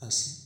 啊是。